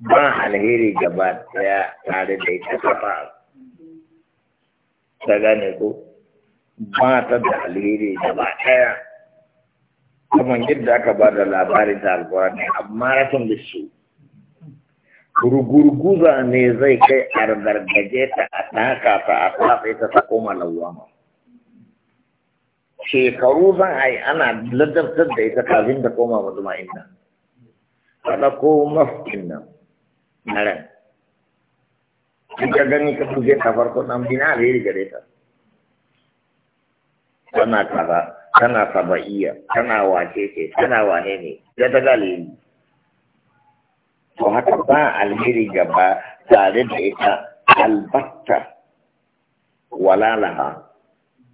ba alheri gaba daya tare da ita kafa ta gane ko ba ta da alheri gaba daya Kuma yadda aka ba da labarin da ne amma da su gurgurguza ne zai kai argargaje ta a taka ta a kwafe ta ta koma lawama shekaru zan ai ana ladabtar da ita kafin ta koma mazuma ina. ta ko mafi nan na ka gani ka tuje ta farko nan bina alheri gare ta tana kaza tana saba'iya tana wane ne ya ta alheri to haka ba alheri gaba tare da ita albatta walalaha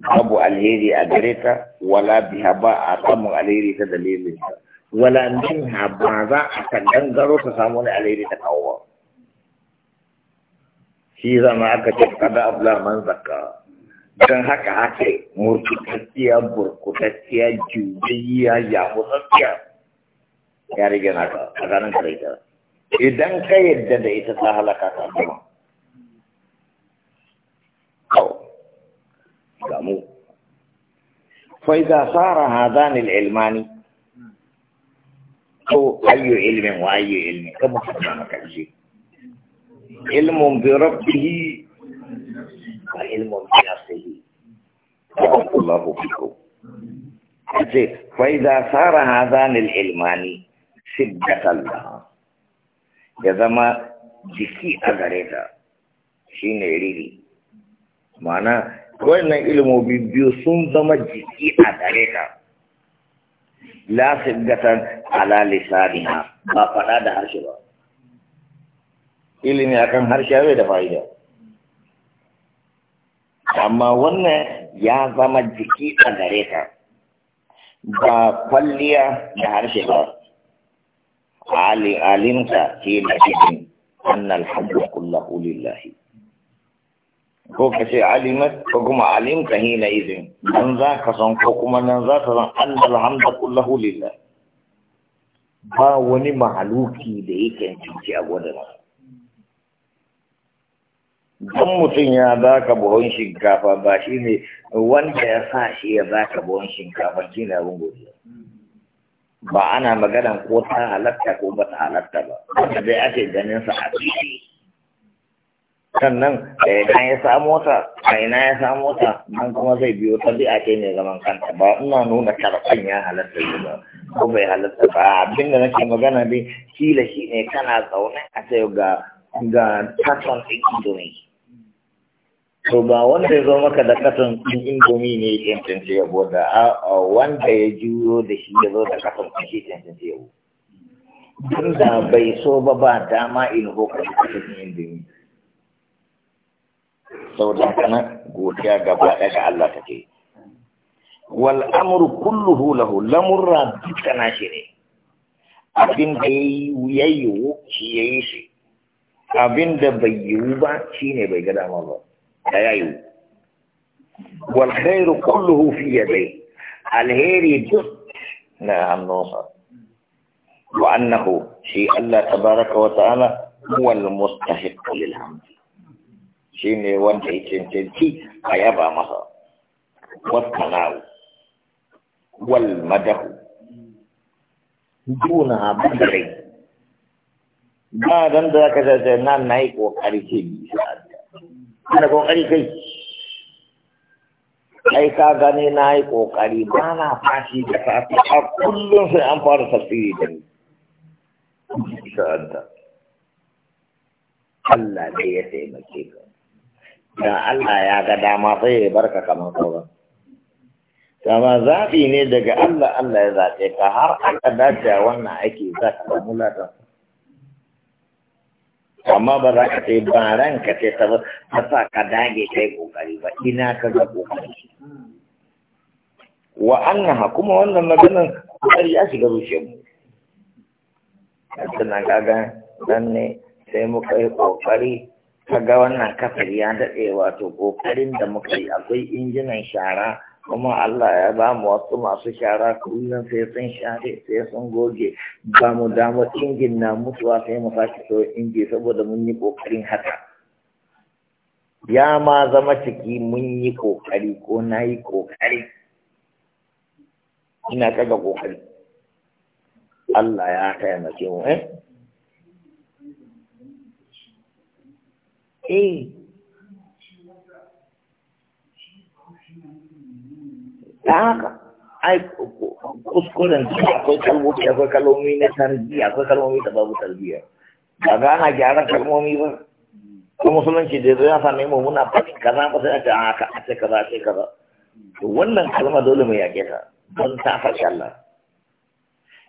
babu alheri a gare ta wala ba a samun alheri ta dalilin ta wala min ha ba za a ta gangaro ta samu alheri ta kawo shi zama aka ce kada abla man zakka don haka ake murkutacciya burkutacciya jujiyya ya mutsacciya ya rage naka a ganin karaita idan ka yadda da ita ta halaka ta zama gamu fa'iza sara hadani ilmani ko ayyu ilmin wa ayyu ilmin kuma kuma kashi ilmun bi rabbihi wa ilmun bi nafsihi barakallahu fikum ce fa idza sara hadan al ilmani siddatan ya zama jiki a gare ta shine riri Mana wannan ilmobi biyu sun zama jiki a gare ta la siddatan ala lisaniha ba faɗa da harshe ba ilimi akan harshe bai da fa'ida amma wannan ya zama jiki a gare ka ba kwalliya da harshe ba ali alimta da nafsin anna alhamdu kullahu lillahi ko ka ce alimat ko kuma alimta hina izin nan za ka san ko kuma nan za ka san an alhamda kullahu lillah ba wani mahaluki da yake cinci a gwada masu don mutum ya zaka buhon shinkafa ba shi ne wanda ya sa shi ya zaka buhon shinkafa shi ne abin godiya ba ana magana ko ta halatta ko ba ta halatta ba wanda dai ake ganin sa a ciki sannan da ya samu ta a ya samu mota nan kuma zai biyo ta bi ake ne mai zaman kanta ba ina nuna karɓan ya halatta shi ba ko bai halatta ba abin da nake magana dai kila shi ne kana zaune a ce ga ga indomi to ba wanda ya zo maka da katon in indomi ne ya cancanci yabo da wanda ya juyo da shi ya zo da katon in shi cancanci yabo don da bai so ba ba dama in hokar da katon in indomi sau da kana godiya gaba ɗaya ga Allah ce wal amru kulluhu lahu lamurra duka na shi ne abin da ya yi yayi shi abin da bai yiwu ba shine bai ga dama ba دايو والخير كله في يديه الهير جد نعم نوصى وأنه شيء الله تبارك وتعالى هو المستحق للحمد شيء نيوان تيتين تيتين قيابا مصى والتناو والمده دونها بدري ما دندرك سنان نايك وقريتي بيساد ana kokari kai ai ka gane na yi kokari ba na fashi da fashi a kullum sai an fara tafiye da ni Allah ne ya taimake ka dan Allah ya ga dama sai ya barka kamar sauran kama zaɓi ne daga Allah Allah ya zaɓe ka har aka dace wannan aiki za ka samu ladan amma ba za ka sai ba ranka ce ta ba ta sa ka dage kai kokari ba ina ka ga kokari wa annaha kuma wannan maganan kokari ya shiga zuciyar mu sannan kaga dan ne sai muka yi kokari ka ga wannan kafar ya daɗe wato kokarin da muka yi akwai injinan shara kuma Allah ya ba mu wasu masu shara kullum sai sun share sai sun goge ba mu damu injin na mutuwa sai mu sake so inji saboda mun yi kokarin haka ya ma zama ciki mun yi kokari ko na yi kokari ina kaga kokari Allah ya taimake mu eh eh da haka ai kuskuren su akwai kalmomi akwai kalmomi na tarbiyya akwai kalmomi da babu tarbiyya ba ga ana gyaran kalmomi ba ko musulunci da zai same nemo muna faɗin kaza ba sai a ce haka a ce kaza a ce kaza to wannan kalma dole mu yake ta don ta faɗi Allah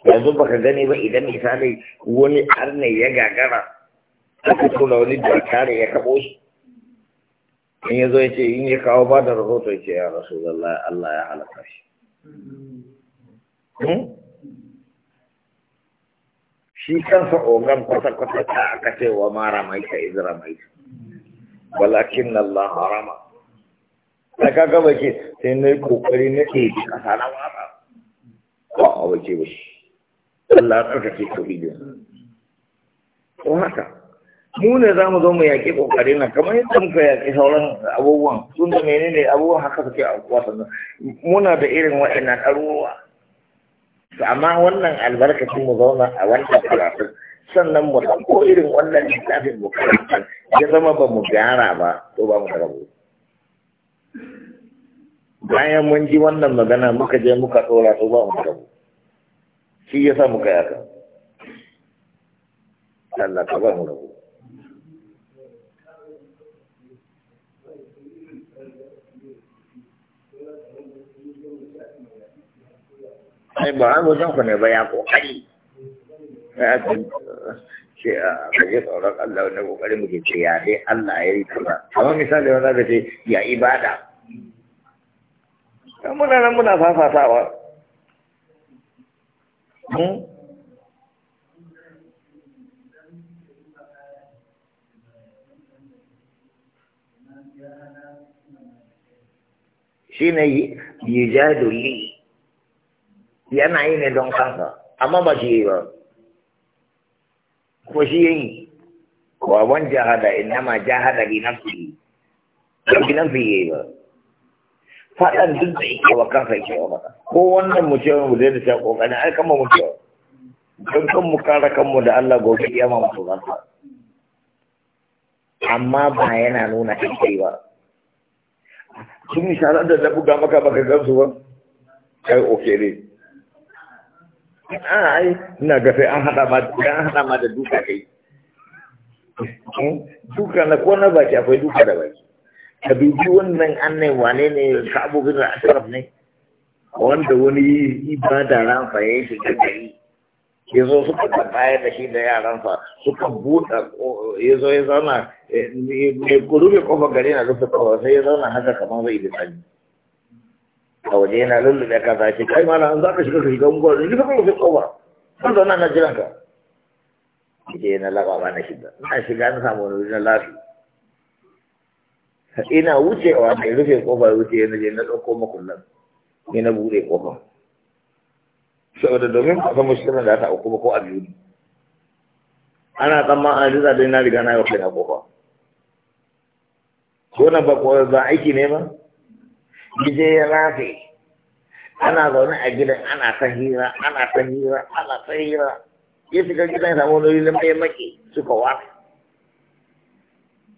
yanzu baka gani ba idan misali wani arne ya gagara aka tura wani dakare ya kabo shi in ya zo ya ce in ya kawo ba da rahoto ya ce ya rasu Allah Allah ya halaka shi hmm? shi kansa ogan kwata-kwata ta aka ce wa mara mai ka izira mai walakin Allah harama da kaga gaba ke sai na yi kokari na ke ji kasa na wata ba a wace ba shi Allah ya tsarkake ko hidin to haka mu ne za mu zo mu yaƙi ƙoƙari na kamar yadda muka yaƙi sauran abubuwan sun da mene ne abubuwan haka suke a wasannin muna da irin waɗannan ɗaruruwa to amma wannan albarkacin mu zauna a wannan karatun sannan mu ko irin wannan littafin mu karatun ya zama ba mu gyara ba to ba mu da bayan mun ji wannan magana muka je muka tsora to ba mu da rabo shi yasa muka yaka Allah ka ba mu rabu ai ba a wajen ku ne ba ya kokari ya ce ce a kaje tsoron Allah wani kokari muke ce ya dai Allah ya yi kaza amma misali wanda da ce ya ibada dan muna nan muna fafatawa hmm? shine yujadu li yana yi ne don kansa amma ba shi yi ba ko shi yi wa wan jahada innama jahada bi nafsihi bi nafsihi ba fadan duk da yake wa kanka yake wa mata ko wannan mu mu da ta kokari ai kama mu ce don kan mu kara mu da Allah gobe ma mu zanta amma ba yana nuna kai ba sun misalan da da buga maka baka gamsu ba kai okay ne ai ina ga sai an hada ma an hada ma da duka kai eh, duka na ko na baki akwai duka da baki ka dubi wannan annai wane ne ka abubuwan da asaraf ne wanda wani ibada ranfa ya yi shiga gari ya zo suka tabbaya da shi da yaransa suka buɗa ya zo ya zauna mai eh, rufe kofar gari na rufe kawai sai ya zauna haka kamar zai da tsani a waje yana lullube ka za kai ma an za ka shiga ka shiga unguwar ne kuma rufe kofa kan zauna na jiran ka ke na laba ba na shiga na shiga na samu wani na lafi ina wucewa mai rufe kofa wuce na je na ɗauko makullan ne na buɗe kofa saboda domin ba san mushkilan da ta auku ko a biyu ana tsamman a jiza dai na riga na yau kai na kofa na ba ba aiki ne ba gije ya rafe ana zaune a gidan ana ta hira ana ta hira ana ta hira ya shiga gidan samu nuri na mai maki suka wata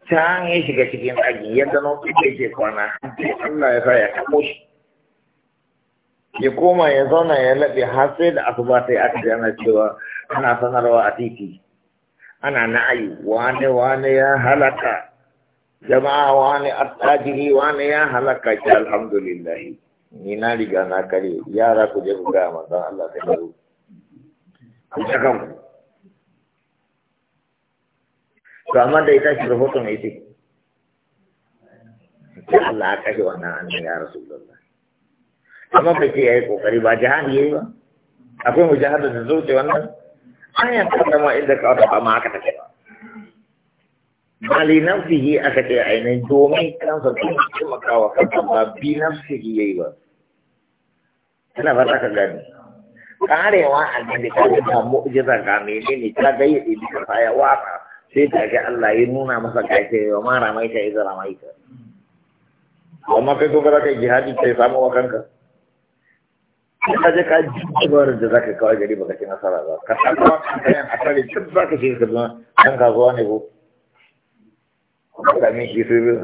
can ya shiga cikin ɗaki ya gano ita ke kwana Allah ya sa ya kamo shi ya koma ya zauna ya laɓe har sai da asuba sai aka gana cewa ana sanarwa a titi ana na'ayi wane wane ya halaka jama'a wani attajiri wani ya halaka ki alhamdulillah ni na riga na kare yara ku je ku ga manzon Allah sai ku ku ta kan to amma da ita shi rahoton ne shi Allah ka shi wannan annabi ya rasulullah amma ba ce yayi kokari ba jihadi yayi ba akwai mujahada da zo ce wannan ayan ta ma inda ka ta ba ma aka ta bali nafsihi aka ce ainihin domin kansa sun taimaka wa kansa ba bi nafsihi yayi ba ina fata ka gani karewa a gani ka ga mu'jiza ga menene ta ga yi bi ka ya wata, sai ta ga Allah ya nuna masa kace wa ma ramaita idza ramaita amma kai ko ka jihadi kai samu wa kanka ka je ka ji kibar da zaka kawai gari baka ci nasara ba ka san ba kan a tare duk zaka je ka zama kanka kasuwa ne ko kalamin shi sai bin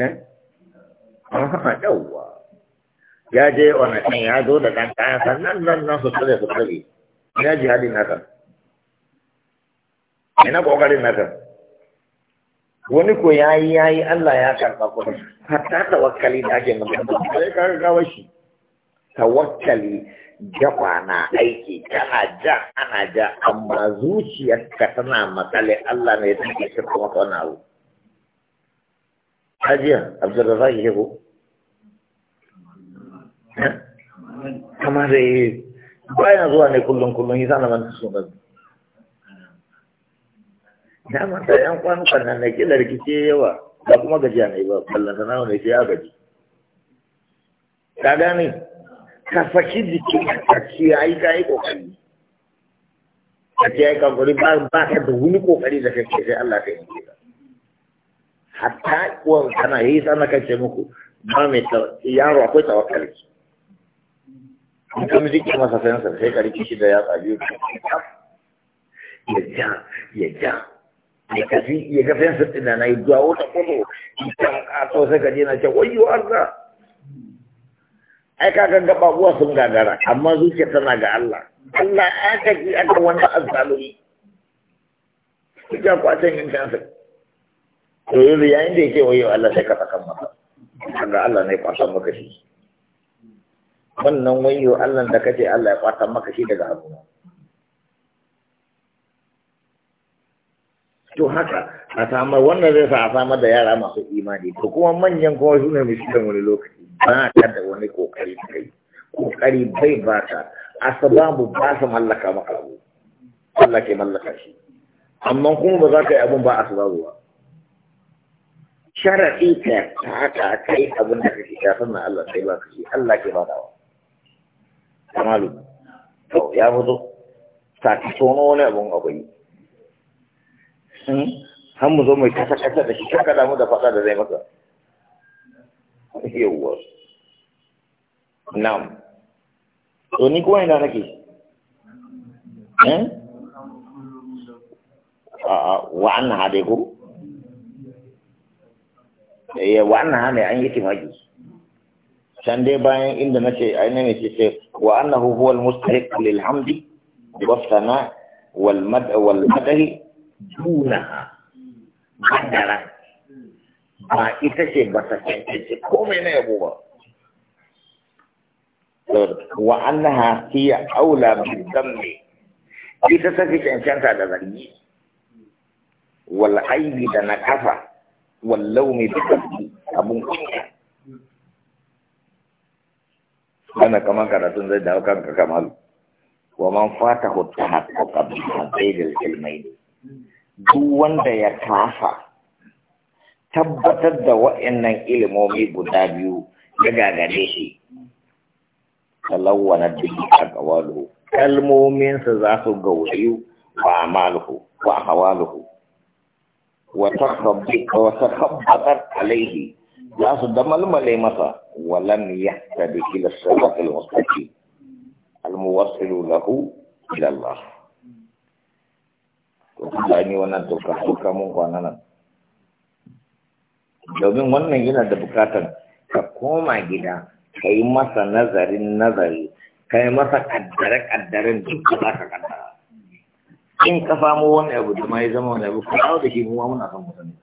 eh ah yawa ya je wannan ɗan ya zo da ɗan kayan sannan nan nan su tsare su tsare ina jihadin nasa ina ƙoƙarin wani ko ya yi ya yi Allah ya karɓa kuma hatta tawakkali da ake magana sai ka ga tawakkali gaba na aiki kana ja ana ja amma zuciyarka tana matsale Allah ne ke shirka maka wani abu hajiya abdurrazak ke ko kamar da yi bayan zuwa ne kullum kullum yi sana manta su gazu na manta yan kwanukan nan na kila rikice yawa ba kuma gajiya ne ba ballanta na wani sai ya gaji ka gane ka saki ke ka kiyaye ka yi kokari a kiyaye ka kankuri ba ka da wani kokari da kake sai Allah ka yi kira hatta uwan kana yi sana kan ce muku ba mai yaro akwai tawakkali in ka miji masa sayansa sai ka rike shi da yatsa biyu ya ja ya ja ya kafi ya kafi yansa tsinana ya duwa wata kwazo ya kan kaso sai ka je na ce wayo arza ai kaga gababuwa sun gagara amma zuciya tana ga Allah Allah aka ji aka wanda azzalumi kika kwatan yin kansa to yanzu yayin da yake wayo Allah sai ka saka masa kaga Allah ne kwasa maka shi wannan wayo Allah da kace Allah ya kwata maka shi daga abu to haka a samar wannan zai sa a samar da yara masu imani to kuma manyan kuma su ne miskilan wani lokaci ba ta da wani kokari da kai kokari bai ba ta sababu ba su mallaka maka abu Allah ke mallaka shi amma kuma ba za ka yi abun ba sababu ba sharaɗi ka haka kai abin da kake shafin na Allah sai ba ka shi Allah ke ba dawa kamalu to ya fito ta tono wani abun abai hmm? har mu zo mai kasa kasa da shi kan kada mu da faɗa da zai maka yawwa na'am to ni kuma ina nake eh a wa annaha dai ko eh wa annaha ne an yi timaki can dai bayan inda nace aina ne ce ce wa annahu huwa al-mustahiq lil hamdi wa sana wal mad wal madhi dunaha badara ba ita ce ba ta cancanci komai na yabo ba wa annaha hiya aula bi dammi ita ta fi cancanta da zargi wal aibi da na kafa wal launi da kafi abun kunya kana kaman karatun zai dawo kanka kamalu wa man fatahu tahaqquqa bi hadhihi al-ilmayn duk wanda ya kafa tabbatar da wa'annan ilimomi guda biyu ya gagare shi talawwana bihi aqwaluhu kalmominsa za su gauri wa amaluhu wa hawaluhu wa takhabbi wa kabbatar alayhi za su damalmale masa wa lam yahtadi ila da sirat al-mustaqim al-muwassilu lahu ila Allah to ni wannan to ka mun kwana nan domin wannan yana da bukatar ka koma gida ka yi masa nazarin nazari ka yi masa kaddare-kaddaren duk da za ka kaddara in ka samu wani abu da ma ya zama wani abu ka dawo da shi kuma muna kan mutane